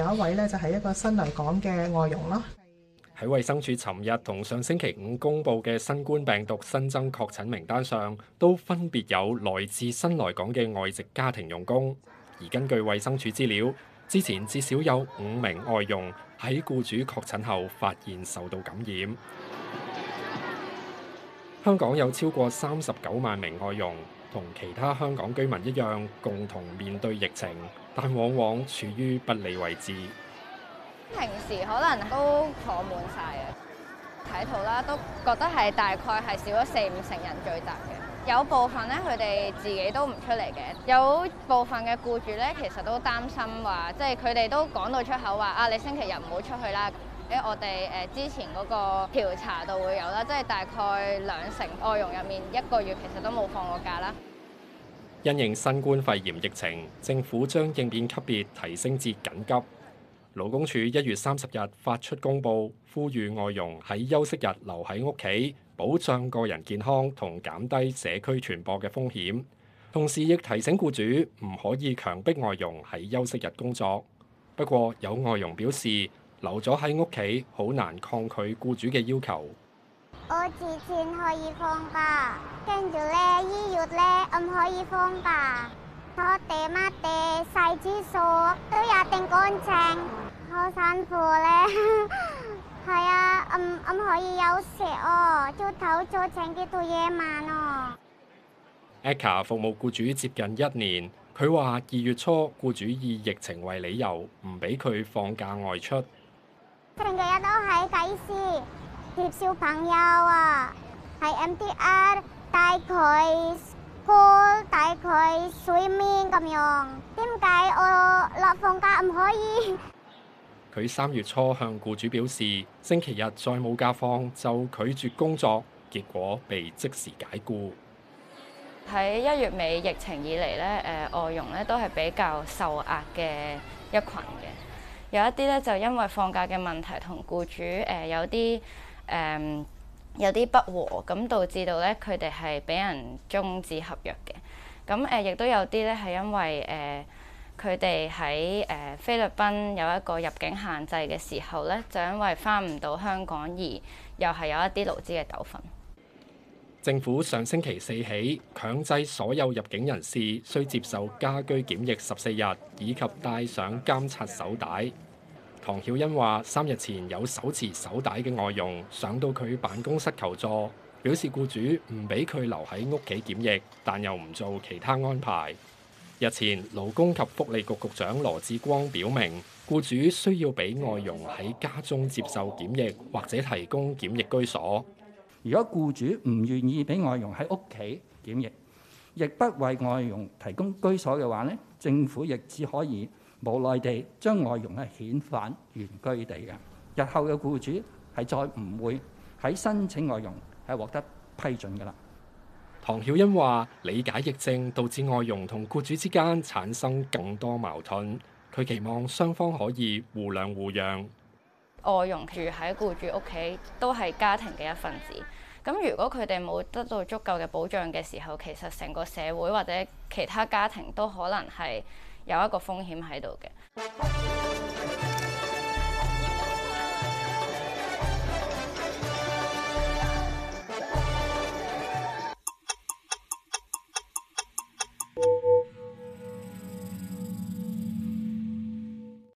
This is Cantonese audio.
有一位咧就係一個新來港嘅外傭咯。喺衛生署尋日同上星期五公佈嘅新冠病毒新增確診名單上，都分別有來自新來港嘅外籍家庭傭工。而根據衛生署資料，之前至少有五名外傭喺僱主確診後發現受到感染。香港有超過三十九萬名外傭。同其他香港居民一樣，共同面對疫情，但往往處於不利位置。平時可能都坐滿晒呀，睇圖啦，都覺得係大概係少咗四五成人聚集嘅。有部分咧，佢哋自己都唔出嚟嘅。有部分嘅僱主咧，其實都擔心話，即係佢哋都講到出口話，啊，你星期日唔好出去啦。我哋誒之前嗰個調查度會有啦，即係大概兩成外傭入面一個月其實都冇放過假啦。因應新冠肺炎疫情，政府將應變級別提升至緊急。勞工處一月三十日發出公佈，呼籲外傭喺休息日留喺屋企，保障個人健康同減低社區傳播嘅風險。同時亦提醒僱主唔可以強迫外傭喺休息日工作。不過有外傭表示。留咗喺屋企，好難抗拒僱主嘅要求。我之前可以放假，跟住咧，二月咧，唔可以放假。拖地抹地，洗廁所都有定乾淨。好辛苦咧，係啊，唔唔可以休息哦，朝頭早請佢做幾度夜晚哦。Eka 服務僱主接近一年，佢話二月初僱主以疫情為理由，唔俾佢放假外出。星期日都係街市、接小朋友啊，係 MDR 帶佢、pool、帶佢、swimming 咁樣。點解我落放假唔可以？佢三月初向雇主表示，星期日再冇假放就拒絕工作，結果被即時解雇。喺一月尾疫情以嚟咧，誒、呃，外傭咧都係比較受壓嘅一群嘅。有一啲咧就因為放假嘅問題同僱主誒、呃、有啲誒、呃、有啲不和，咁導致到咧佢哋係俾人終止合約嘅。咁誒亦都有啲咧係因為誒佢哋喺誒菲律賓有一個入境限制嘅時候咧，就因為返唔到香港而又係有一啲勞資嘅糾紛。政府上星期四起強制所有入境人士需接受家居檢疫十四日，以及戴上監察手帶。唐曉欣話：三日前有手持手帶嘅外傭上到佢辦公室求助，表示僱主唔俾佢留喺屋企檢疫，但又唔做其他安排。日前勞工及福利局局長羅致光表明，僱主需要俾外傭喺家中接受檢疫，或者提供檢疫居所。如果僱主唔願意俾外傭喺屋企檢疫，亦不為外傭提供居所嘅話咧，政府亦只可以無奈地將外傭咧遣返原居地嘅。日後嘅僱主係再唔會喺申請外傭係獲得批准㗎啦。唐曉欣話：理解疫症導致外傭同僱主之間產生更多矛盾，佢期望雙方可以互諒互讓。外傭住喺雇主屋企，都係家庭嘅一份子。咁如果佢哋冇得到足夠嘅保障嘅時候，其實成個社會或者其他家庭都可能係有一個風險喺度嘅。